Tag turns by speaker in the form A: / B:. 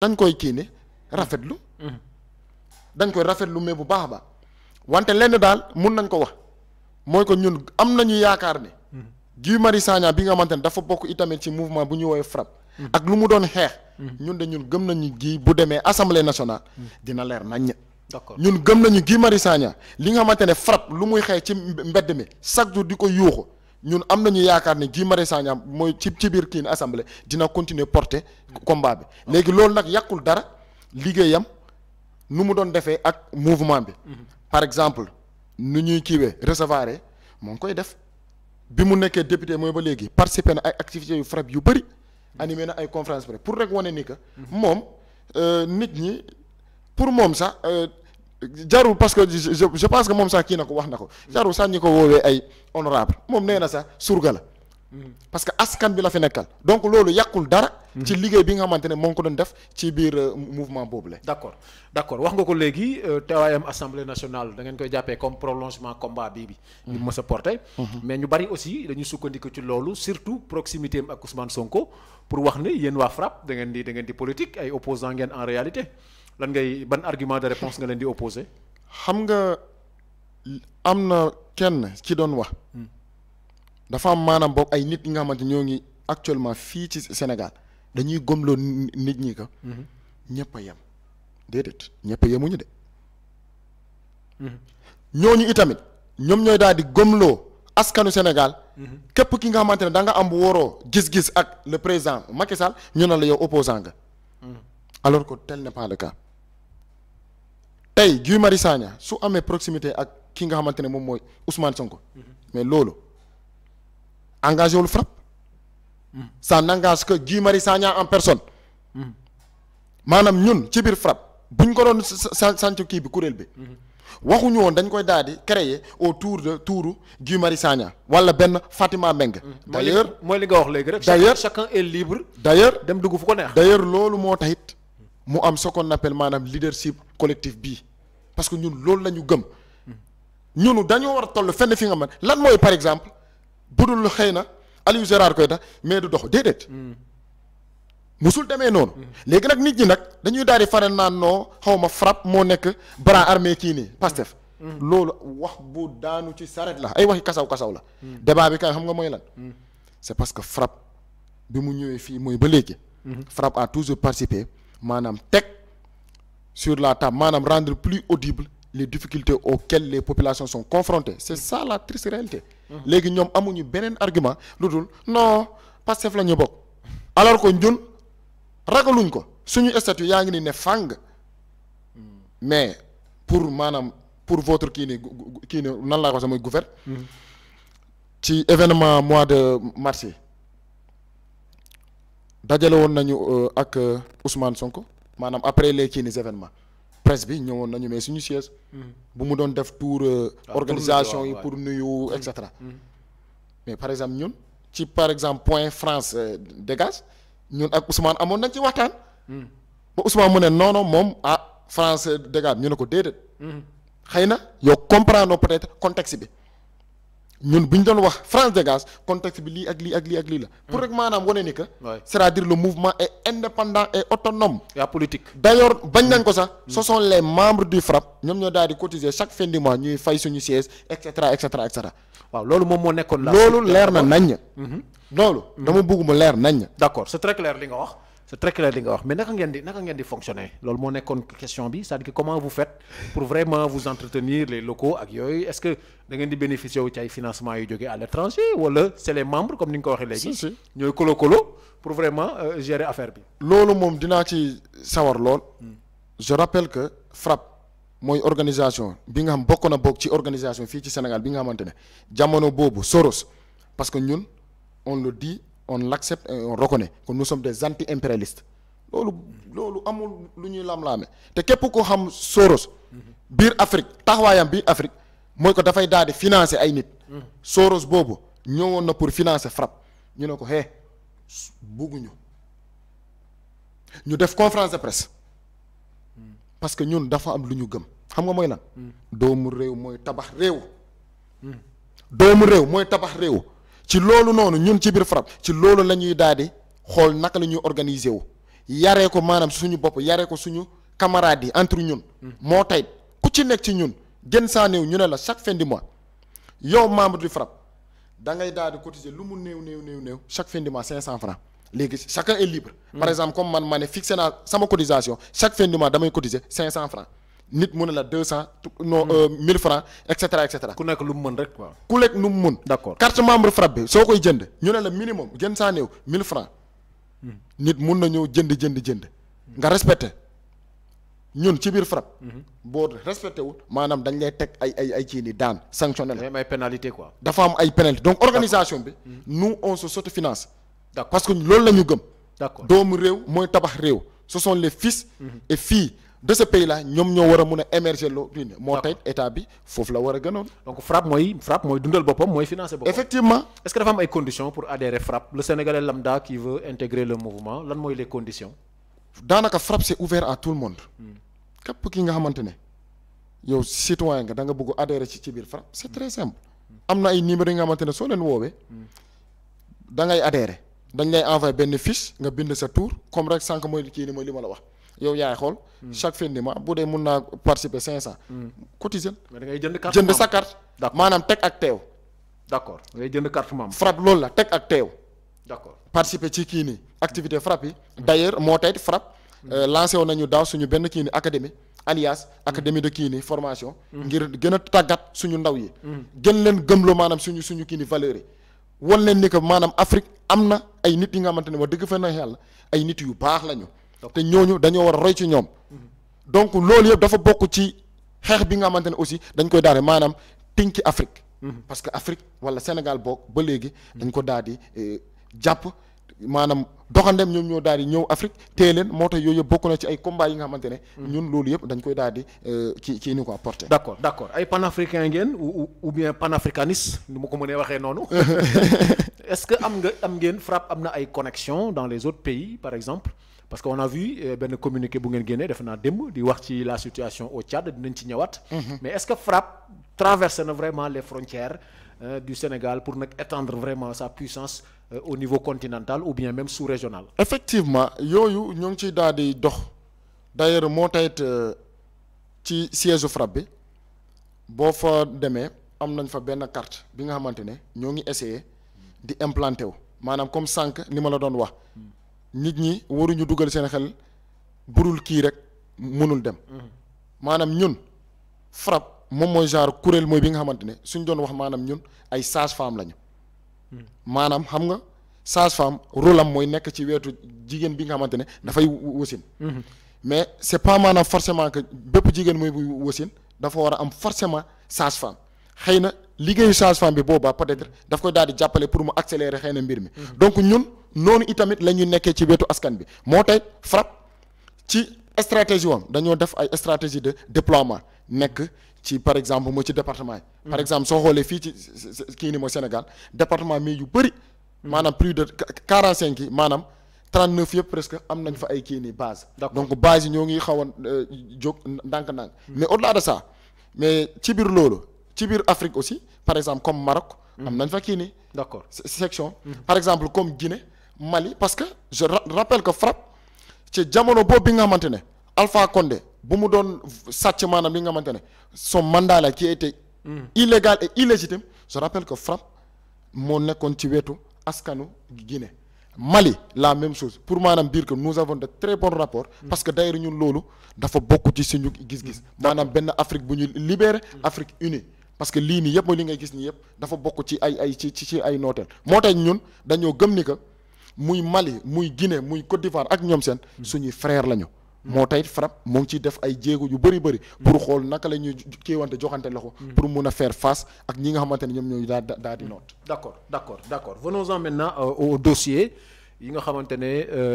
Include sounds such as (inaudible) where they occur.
A: dañ koy kii ne rafetlu. Mm-hmm. dañ koy rafetlu me bu baax a baax wante lenn daal mun nañ ko wax mooy ko ñun am nañu yaakaar ne. Mm-hmm. Guy Marius Sagna bi nga xamante ne dafa bokk itamit ci mouvement bu ñuy woowee FRAPP. Mm-hmm. ak lu mu doon xeex. ñun de ñun gëm nañu gii bu demee assemblée nationale. dina leer naññ. d'accord ñun gëm nañu Guy Marius Sagna li nga xamante ne FRAPP lu muy xeex ci mbedd mi chaque jour di ko yuuxu. ñun am nañu yaakaar ne Guy Marius Sagna mooy ci ci biir kii assemblée dina continuer porter combat bi léegi loolu nag yàqul dara liggéeyam nu mu doon defee ak mouvement bi mhm. par exemple nu ñuy kiiwee recevoir moo ngi koy def bi mu nekkee député mooy ba léegi participer na ay activités yu FRAPP yu bëri animé na ay conférence presse pour rek wane ni que mhm. moom euh, nit ñi pour moom sax euh, jarul parce que je je pense que moom sax kii na ko wax na ko jarul sax ñi ko woowee ay honorable moom nee na sax surga la parce que askan bi la fi nekkal donc loolu yàqul dara. ci liggéey bi nga xamante ne moo ngi ko doon def ci
B: biir euh, mouvement boobu la. d' accord wax nga ko léegi euh, teewaayam assemblée nationale da ngeen koy jàppee comme prolongement combat bi. bi mhm. mës a porté. Mhm. mais ñu bari aussi dañuy sukkandiku ci loolu surtout proximité am ak Ousmane Sonko pour wax ne yéen waa FRAPP da ngeen di da ngeen di politique ay opposants ngeen en réalité. lan ngay ban argument de réponse nga leen di opposé xam nga
A: am na kenn ci doon wax hmm. dafa am maanaam boog ay nit ñi nga xamante ñoo ngi actuellement fii ci Sénégal dañuy gomloo nit ñi ko hmm. ñëpp a yem déedéet ñëpp yemuñu de hmm. ñooñu itamit ñoom ñooy daal di gomloo askanu Sénégal képp ki nga xamante ne da nga am waroo gis-gis ak le président Macky Sall ñu ne la yow opposant nga alors que tel n'est pas le tey Guy Marius Sagna su amee proximité ak ki nga xamante ne moom mooy Ousmane Sonko mais loolu engagé wul FRAPP sa n'engage que Guy Marius Sagna en personne maanaam ñun ci biir FRAPP ñu ko doon sanc kii bi kuréel bi waxuñu woon dañ koy daal di créer autour de touru Guy Marius Sagna wala benn Fatima Mbengue mm. d'ailleurs
B: mooy li nga wax léegi rek d'ailleurs chacun
A: est libre d'ailleurs dem dugg fu ko neex d'ailleurs loolu moo taxit mu am ce qu'on appelle maanaam leadership collectif bii parce que ñun loolu la ñu gëm ñunu dañoo war a toll fenn fi nga man lan mooy par exemple budul xëy na Aliou Gérard Koyta mais du dox déedéet. musul demee noonu. léegi nag nit ñi nag dañuy daal di faral naan noo xaw ma frappe moo nekk bras armé kii nii Pastef. loolu wax bu daanu ci saret la ay waxi kasaw kasaw la. débat bi kay xam nga mooy lan. c'est parce que frappe bi mu ñëwee fii mooy ba léegi. frappe a toujours participé maanaam teg. sur la table maanaam rendre plus audible les difficultés auxquelles les populations son confrontées c'est ça la triste réalité léegi ñoom amuñu beneen argument lu dul non Pastef la ñu bokk alors que ñun ragaluñ ko suñu statut yaa ngi ni ne fàng mais pour maanaam pour votre kii ni kii ni nan laa ko sax mooy gouver événement mois de mars dajale woon nañu euh, ak euh, Ousmane Sonko maanaam après les kii nii événement presse bi ñëwoon nañu mais suñu siège bu mu doon def tour euh, ah, organisation yi pour nuyu mm-hmm. et cetera mm-hmm. mais par exemple ñun ci par exemple point France euh, dégage ñun ak Ousmane amoon nag ci waxtaan mm-hmm. ba Ousmane mu ne non moom ah France dégage ñu ne ko déedéet xëy na yow comprendre peut-être contexte bi ñun bu ñu doon wax France dégage contexte bi lii ak lii ak lii ak lii la. Mm. pour rek maanaam wane ni que. c'est-à-dire le mouvement est indépendant et autonome. et apolitique. d'ailleurs bañ nañ ko sax. Mm. ce sont les membres du FRAPP. ñoom ñoo daal di cotiser chaque fin ñuy
B: fay suñu siège et cetera et cetera et cetera. waaw loolu moom moo nekkoon. la loolu leer na naññ. Mm-hmm. loolu. dama mm-hmm.
A: bëgg mu leer naññ.
B: d'accord c'est très clair li nga wax. c'est très clair li nga wax mais naka ngeen di naka ngeen di fonctionner loolu moo nekkoon question bi c'est-à-dire que comment vous faites pour vraiment vous entretenir les locaux ak yooyu est-ce que da di bénéficier wu financement yu jógee à l'étranger wala c'est les membres comme ni nga ko waxee léegi ñooy kolo kolo pour vraiment euh, gérer affaire bi loolu moom dinaa ci
A: sawar lool hmm. je rappelle que FRAPP mooy organisation bi nga xam bokk na bokk ci organisation fii ci Sénégal bi nga xamante ne jamono boobu Soros on l'accepte et euh, on reconnaît que nous des anti-impérialistes loolu loolu amul lu ñuy lam-laame te képp ko xam Soros biir Afrique taxawaayam biir Afrique mooy ko dafay daal di financer ay nit Soros boobu ñëwoon na pour financer FRAPP ñu ne ko hee bugguñu ñu def conférence de presse parce que ñun dafa am lu ñu gëm xam nga mooy lan hmm. doomu réew mooy tabax réew doomu réew mooy tabax réew ci loolu noonu ñun ci biir FRAPP ci loolu la ñuy daal di xool naka la ñuy organiser wu yaree ko maanaam suñu bopp yaree ko suñu camarades yi entre ñun. moo tey ku ci nekk ci ñun gën saa néew ñu ne la chaque fin du mois yow membre du FRAPP da ngay daal di cotiser lu mu néew néew néew néew chaque fin du mois 500 francs léegi chacun est libre. par hmm. exemple comme man ma ne naa sama cotisation chaque fin du mois damay cotiser 500 francs nit mu ne la deux cent non euh, mille francs et cetera
B: cetera. ku nekk lu mu mën rek waaw.
A: ku nekk lu mu mun d'accord carte membre Frapp bi soo koy jënd ñu ne la minimum gën saa néew mille francs hmm. nit mun na ñëw jënd jënd jënd. Hmm. nga respecté ñun ci biir Frapp. Hmm. boo respecté wul maanaam dañ lay teg ay ay ay ci ni daan sanctionné la. pénalité quoi. dafa am ay pénalité donc organisation bi. nu on se finance d'accord parce que loolu la gëm. d'accord doomu réew mooy tabax réew. ce sont les fils et filles de ñoom ñoo war a mun a émerger l'opinion moo tey état bi foofu la
B: war a gënoon. donc FRAPP mooy FRAPP mooy dundal boppam mooy financé boppam. effectivement est-ce que dafa am ay conditions pour adhérer FRAPP le Sénégalais lambda qui veut intégrer le mouvement lan mooy les conditions. daanaka FRAPP c'est
A: ouvert à tout le monde. képp ki nga xamante ne yow citoyen nga da nga bëgg adhérer ci ci biir FRAPP c'est très simple. am na ay numéros yi nga xamante ne soo leen woowee. da ngay adhérer dañ lay envoyer benn fiche nga bind sa tour comme rek sànq mooy kii ni mooy li ma la wax. yow yaay xool. chaque fin de mois bu dee mun naa participer 500. cotiser.
B: mais da ngay jënd carte jënd sa carte.
A: maanaam teg ak teew. d' accord da ngay jënd carte membre. FRAPP loolu la teg ak teew. participer ci kii nii activité FRAPP yi. d' ailleurs moo tey FRAPP. Euh, lancé nañu daaw suñu benn kii nii académie. alias académie de kii nii formation. ngir gën a tàggat suñu ndaw yi. gën leen gëmloo maanaam suñu suñu kiini nii valeur yi. wan leen ni que maanaam Afrique am na ay nit yi nga xamante ne wax dëgg fa na yàlla ay nit yu baax lañu te ñooñu dañoo war a roy ci ñoom. donc loolu yëpp dafa bokk ci xeex bi nga xamante ne aussi dañ koy daane maanaam tinki Afrique. Mm-hmm. parce que Afrique wala Sénégal boog ba léegi. dañ ko daal di eh, jàpp. maanaam doxandem ñoom ñoo daal di ñëw Afrique téye leen moo tax yooyu yëpp bokk na ci ay combat yi nga xamante ne. Mm. ñun loolu yëpp dañ koy daal di euh, ni ko apporté. d'
B: ay panafricain ngeen ou ou bien panafricaniste ni ma ko mënee waxee noonu (laughs) est ce que am nga am ngeen frappe am na ay connexion dans les autres pays par exemple parce que on a vu euh, benn communiqué bu ngeen génnee def naa démb di wax ci la situation au Tchad dinañ ci ñëwaat. Mm-hmm. mais est ce que frappe vraiment les frontières. Euh, du Sénégal pour nag étendre vraiment sa puissance euh, au niveau continental ou bien même sous-régional.
A: effectivement yooyu ñoo ngi ciy daal di dox d'ailleurs moo tayit euh, ci siège u FRAPP bi boo fa demee am nañ fa benn carte bi nga xamante ne ñoo ngi essayer di implanter wu maanaam comme sànq ni ma la doon wax nit ñi waruñu dugal seen xel burul kii rek mënul dem mm-hmm. maanaam ñun FRAPP moom mooy genre kuréel mooy bi nga xamante ne suñ doon wax maanaam ñun ay sage-femme lañu hmm. maanaam xam nga sage-femme rôle am mooy nekk ci weetu jigéen bi nga xamante ne dafay wasin hmm. mais c'est pas maanaam forcément que bépp jigéen mooy buy wasin dafa war a am forcément sage-femme xëy na liggéeyu sage-femme bi boobaa peut-être daf koy daal di jàppale pour mu accélérer xëy na mbir mi hmm. donc ñun noonu itamit la ñuy nekkee ci wetu askan bi moo tey FRAPP ci stratégie wam dañoo def ay stratégie de déploiement nekk ci par exemple moo ci département yi mm. par exemple soo xoolee fii ci kii ni mooy Sénégal département mii yu bëri maanaam plus de quarante cinq yi maanaam trente neuf yëpp presque am nañ fa ay kiini nii base donc base yi ñoo ngi xaw a euh, jóg ndànk-ndànk mm. mais au-delà mais ci biir loolu ci biir Afrique aussi par exemple comme Maroc mm. am nañ fa kii nii d'accord section par exemple comme Guinée Mali parce que je rappelle que FRAPP ci jamono boobu bi nga xamante ne Alpha Condé bu mu doon sàcc maanaam li nga xamante ne son mandat la qui était illégal et illégitime je rappelle que FRAPP moo nekkoon ci wetu askanu Guinée Mali la même chose pour maanaam dire ko nous avons de très bons rapport parce que d'ailleurs ñun loolu dafa bokk ci suñu gis-gis maanaam benn Afrique bu ñu libéré Afrique uni parce que lii nii yëpp mooy li ngay gis nii yëpp dafa bokk ci ay ay ci ci ay nooteel moo tax ñun dañoo gëm ni que muy Mali muy Guinée muy Côte d'Ivoire ak ñoom seen hmm. suñuy frère lañu. Hmm. moo tey FRAPP moom ngi ciy def ay jéego yu bari bëri. Hmm. pour xool naka la ñuy kiiwante joxante loxo. pour mun a faire face ak ñi nga xamante ne ñoom ñooy daal daal di noot.
B: d' accord d' accord d' accord venons-en euh, au dossier yi nga xamante ne. Euh,